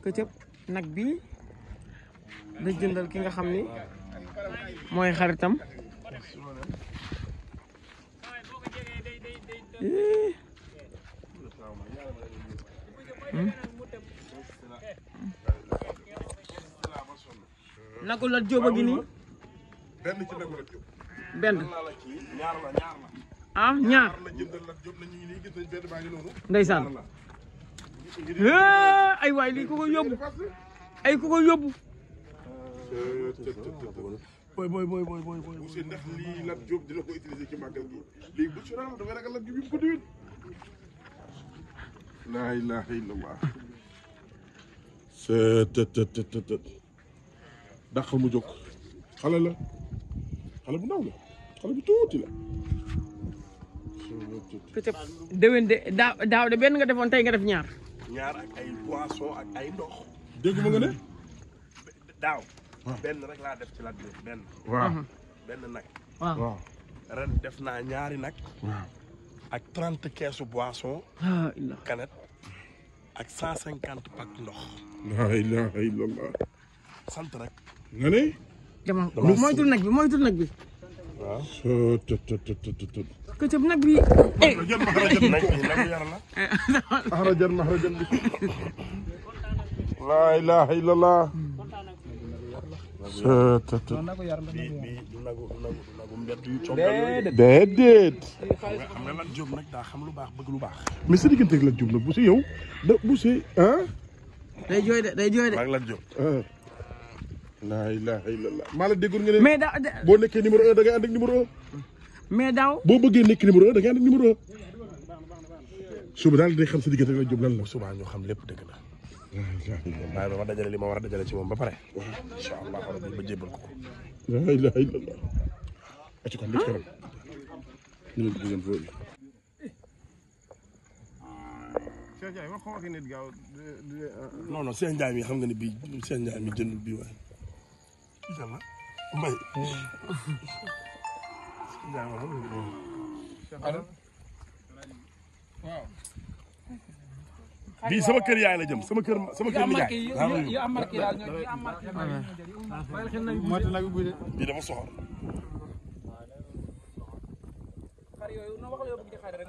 këcëb nak bi da jëndal ki nga xamni moy xaritam hmm? nagu la jóoba gi ni ben ci nagu la ñaar la ah ñaar ndaysan Eh, ay waay lii ku ko yóbbu ay ku ko yóbbu boy boy boy boy boy boy monsieur ndax lii Lat Diop dina ko utiliser ci màggal gi léegi bu ci raam dafay ragal Lat Diop yëpp ko diwin laa ilaha illallah stttt dàqal mu jóg xale la xale bu ndaw la xale bu tuuti la peut-être déwén de daaw daaw de benn nga defoon tey nga def ñaar ñaar ak ay boisson ak ay ndox. dégg ma nga ne. daaw. benn rek laa def ci Lat benn. waaw mhm. nag. waaw ren def naa ñaari nag. waaw ak trente keesu boisson. canette ak cent cinquante pack ndox. la ilaha illallah. sant rek. nga ne. jamono moytul nag bi moytul nag bi. waaw tut tut tut tut. ko ci nag bi. mahrajan eh! mahrajan nag bi nag yar la. mahrajan mahrajan bi. laa ilaaha illallah. déedéet. xam nga lan Diop nag daa xam lu baax bëgg lu baax. mais sa digganteeg la Diop nag bu si yow da bu si ah. day jooy de day jooy de. laa ilaaha illallah maa la déggul nga ne. mais daaw boo nekkee numéro un da ngay ànd ak numéro un. mais daaw boo bëggee nekk numéro un da ngay ànd ak numéro un. suba daal day xam sa diggante la jub lan la. suba ñoo xam lépp dëgg la. waaye ba ma dajale li ma war a dajale ci moom ba pare. incha allah rabbi ma jébbal ko ko. laa ilaaha illallah. ati kon léegi kanam. ñu ngi leen foofu. Cheikh Ndiaye wax nga ko nit gaaw. non non Cheikh Ndiaye mi xam nga ne bii Cheikh Ndiaye mi jëndul bii waaye. Inshallah mbay waaw bii la jëm sama kër sama kër yaay yu am marqué daal yu am marqué bii dafa soxor xar yooyu na waxal yow bu ñu defee rek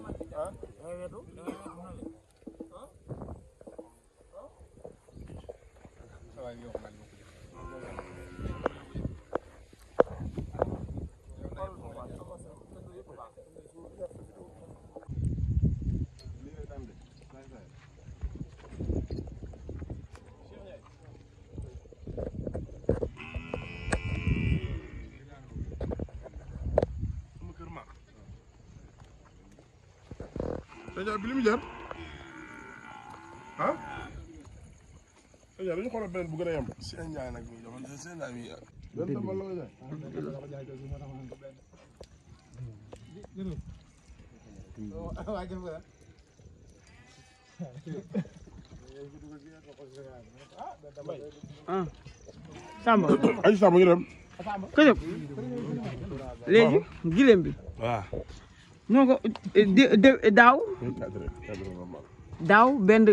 mën sam Sénégal bi li mu jar ah. Sénégal dañu xoolal beneen bu gën a yem. Sénégal Ndiaye nag muy jamono Sénégal bi. benn bal la nga ah Samba. ay Samba ñu dem. Këjëf léegi gileem bi. waaw. ñoo ko eh, daaw daaw benn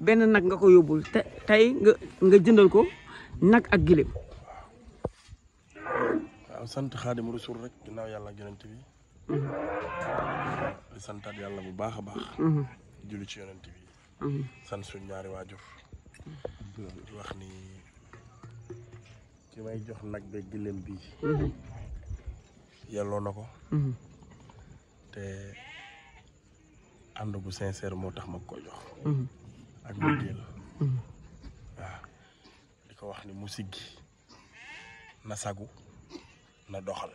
benn nag nga ko yóbbul te tey nga nga jëndal ko nag ak gileem waaw sant xaadim rasul rek yàlla yonent bi mm-hmm. di santaat yàlla bu baax a baax mm-hmm. ci yonent bi mm-hmm. suñ ñaari waajur di wax ni ki may jox nag be gileem bi yelloo ko te ànd bu sincère moo tax ma ko jox. Mhm. ak mbëggeel la. Mhm. Mhm. waaw di ko wax ni mu siggi na sagu na doxal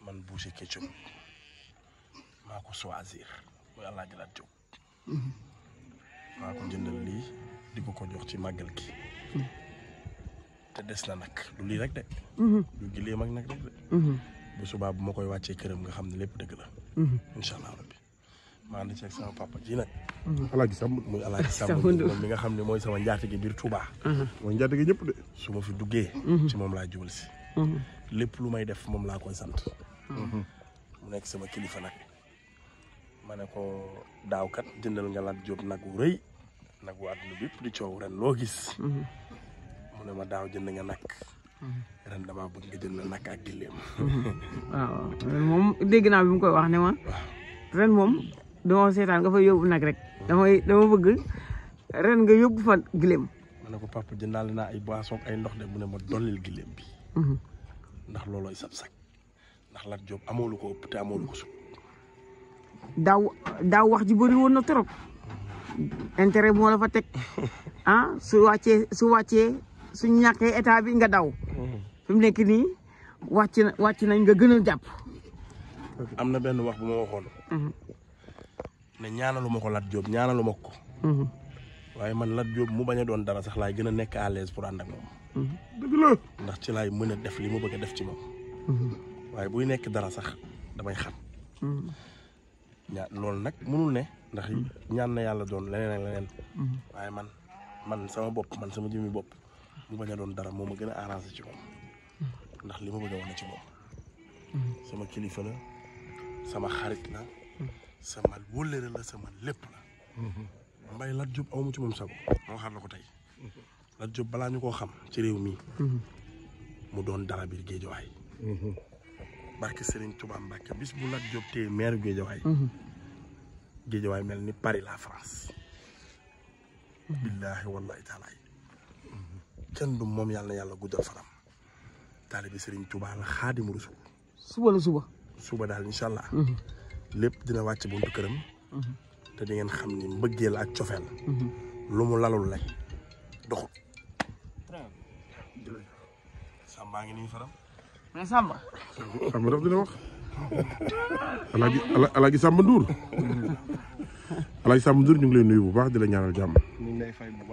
man Boucher Ketchup maa ko choisir muy El Hadj ko jëndal lii di ko jox ci màggal gi. te des na nag lii rek de. du gileem ak nag rek de. bu subaa bu ma koy wàccee këram nga xam ne lépp dëgg la. Mm-hmm. incha allah rabbi maa ngi ceeg sama papa ji nag. Mm-hmm. alaaji sàmm muy alaaji sàmm moom mi nga xam ne mooy sama njaatige biir Touba. Mm-hmm. mooy njaatige ñëpp de. su ma fi duggee. ci moom laa jubal si. lépp lu may def moom laa ko sant. mu nekk sama kilifa nag. ma ne ko daaw kat jëndal nga laat jóob nag wu rëy nag wu àdduna bépp di coow ren loo gis. mu ne ma daaw jënd nga nag. Mm-hmm. ren damaa bëgg nga jënd nag ak gilleem. moom dégg naa bi mu koy wax ne ma. ren moom dama seetaan nga fa yóbbu nag rek. damay dama bëgg ren nga yóbbu fa gilleem. ma ne ko papa jëndaale naa ay boissons ay ndox de mu ne ma dollil gilleem bi. Mm-hmm. ndax loolooy sab sag ndax Lat Diop amoolu ko ëpp te amoolu ko sut daaw daaw wax ji bëri woon na trop. intérêt moo fa teg ah su wàccee su wàccee su ñàkkee état bi nga daw. fim nek ni wacc wacc nañ nga gënal japp amna benn wax bu ma waxoon. Mhm. ne ñaanaluma ko Lat job ñaanaluma ko. Mhm. waye man Lat job mu baña doon dara sax lay gëna nek à l'aise pour and ak mom mhm. deug la ndax ci lay mëna def li mu bëgg def ci mom waye buy nekk dara sax damay xam. ñaa loolu nak mënul ne ndax ñaan na yalla doon leneen ak leneen. waye man man sama bop man sama jëmi bop mu bañ a doon dara moo ma gën a arrangé ci moom ndax li ma bëgg a wane ci moom sama kilifa la sama xarit la sama wëllëre la sama lépp la mbay Lat Diop ci moom sago moo xam la ko tey Lat Diop balaa ñu koo xam ci réew mii mu doon dara biir géejawaay barke Serigne Touba Mbacke bis bu Lat Diop téye maire géejawaay géejawaay mel ni Paris la France billaahi wallahi taalaay kenn du moom yàlla yàlla guddal fanam taalibi Serigne Touba la xaadimu rasul suba la suba. suba daal incha allah. Mhm. lépp dina wàcc buntu këram. Mhm. te di ngeen xam ni mbëggeel ak cofeel. Mhm. lu mu lalul lañ doxul. Samba ngi nii faram. mais Samba. Samba daf dina wax. Samba Ndour. ñu ngi lay nuyu bu baax di la ñaanal jàmm. ñu ngi lay fay bu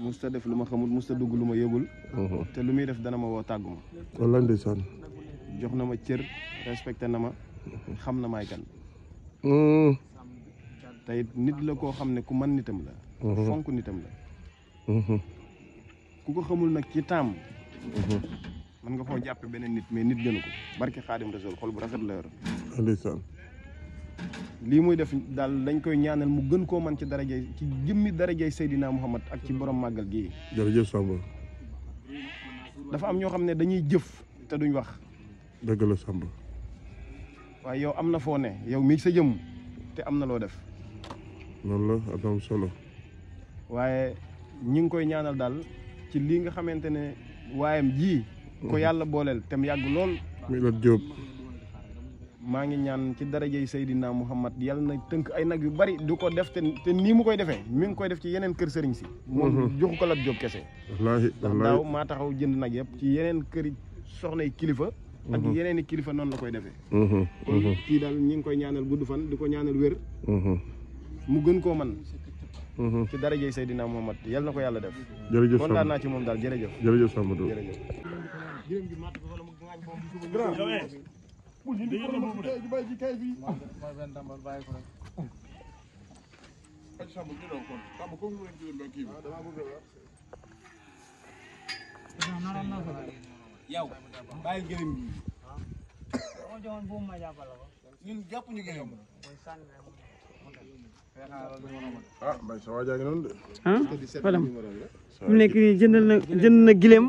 musta def lu ma xamul musta dugg lu ma yëgul mhm. te lu muy def dana ma woo tàggu ma wallaay ndeysaan jox na ma cër respecté na ma xam na may kan mhm. te nit la koo xam ne ku man nitam la mhm. fonk nitam la ku ko xamul nag ci taam man nga foo jàppe beneen nit mais nit gënu ko barke xaadim rasul xol bu rafet la yor ndeysaan lii muy def daal dañ koy ñaanal mu gën koo man ci darajay ci jëmmi darajay Seydina Muhammad ak ci borom màggal gi jërëjëf Samba. dafa am ñoo xam ne dañuy jëf te duñ wax. dëgg la Samba. waaye yow am na foo yow mii sa te am na loo def. noonu solo. waaye ñi ngi koy ñaanal daal ci lii nga xamante ne waayam ji. ko mhm. yàlla booleel tem yàgg lool. mi la Diop. maa ngi ñaan ci darajey Seydina Muhammad yàlla na tënk ay nag yu bari du ko def te te nii mu koy defee mi ngi koy def ci yeneen kër sëriñ si moom mhm. joxu ko Lat Diop kese wallaahi wallaahi daaw taxaw jënd nag yëpp ci yeneen këri soxnay kilifa mhm. ak yeneen i kilifa noon la koy defee mhm. kon kii daal ñi ngi koy ñaanal gudd fan di ko ñaanal wér mu gën koo man ci darajey Seydina Muhammad yal na ko yàlla def jërëjëf kon daan naa ci daal jërëjëf jërëjëf bu ñu indi problème mu tey bay ji kay bi. mooy benn dambal bàyyi ko rek. jënd na gileem.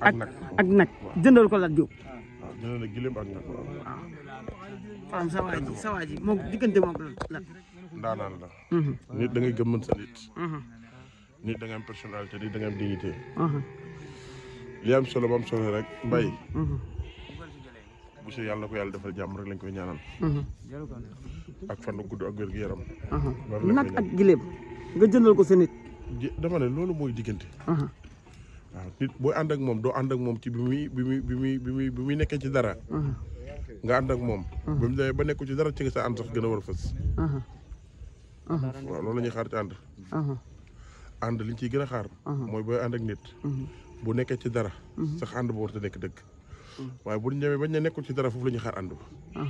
ak nag ak nag jëndal ko la ñu ne la gileem ak nag. waaw sa waay moom diggante moom la. ndaanaan la. Mhm. nit da ngay gëm nit. Mhm. nit da am personnalité nit da nga am dignité. Mhm. li am solo ba am solo rek mbay. bu si yàlla ko yàlla defal jàmm rek lañ koy ñaanal. ak fan gudd ak wér gu yaram. nag ak gileem nga jëndal ko sa nit. ne loolu mooy diggante. nit booy ànd moom doo àndak moom ci bi muy bi muy bi muy bi muy bi muy nekkee ci dara uh-huh. nga ànd ak moom bi mu ba nekku ci dara ci nga sa ànd sax gën a a fës uh-huh. Uh-huh. waaw xaar ci ànd ànd liñ ciy gën a xaar mooy booy ànd ak nit bu nekkee ci dara sax ànd ba war te nekk dëgg waaye bu ñu bañ ne nekkul ci dara foofu la ñuy xaar ànd ba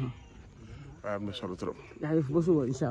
waaye am na solo trop jaajëf ba suba incha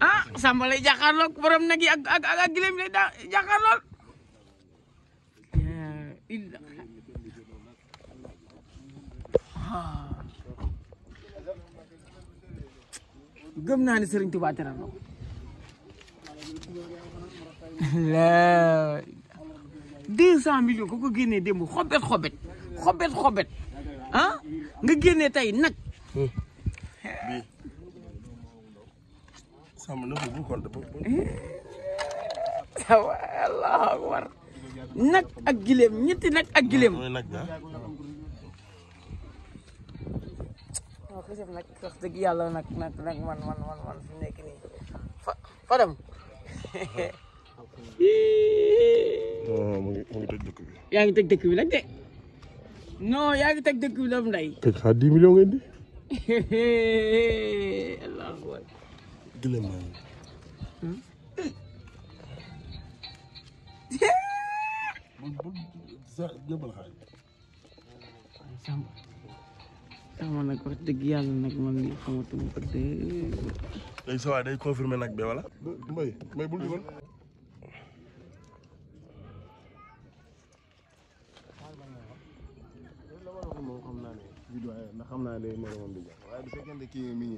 Ah, sama lagi agak ag ag agilim ag, da Ya, indah. Gimana nih sering sëriñ Tuubaa teral na dia La 200 kok gini dia mau hobet hobet, ah gini tay nak. Hmm. allahu akbar nag ak gileem ñetti nag ak gileem waaw xisef nag wax dëgg yàlla nag nag nag man man man man fi nekk nii fa fadam mu ngi mu ngi tëj dëkk bi yaa ngi tëj dëkk bi nag de non yaa ngi teg dëkk bi la mu ndey. teg xaar dix millions ngeen di. gëlëmaan jëbal xaaj samba samba nag wax dëgg yàlla nag man ni xamatuma ko dé léegi nag bi wala mbay mbay bul dugal xam bi waaye bu fekkente kii mi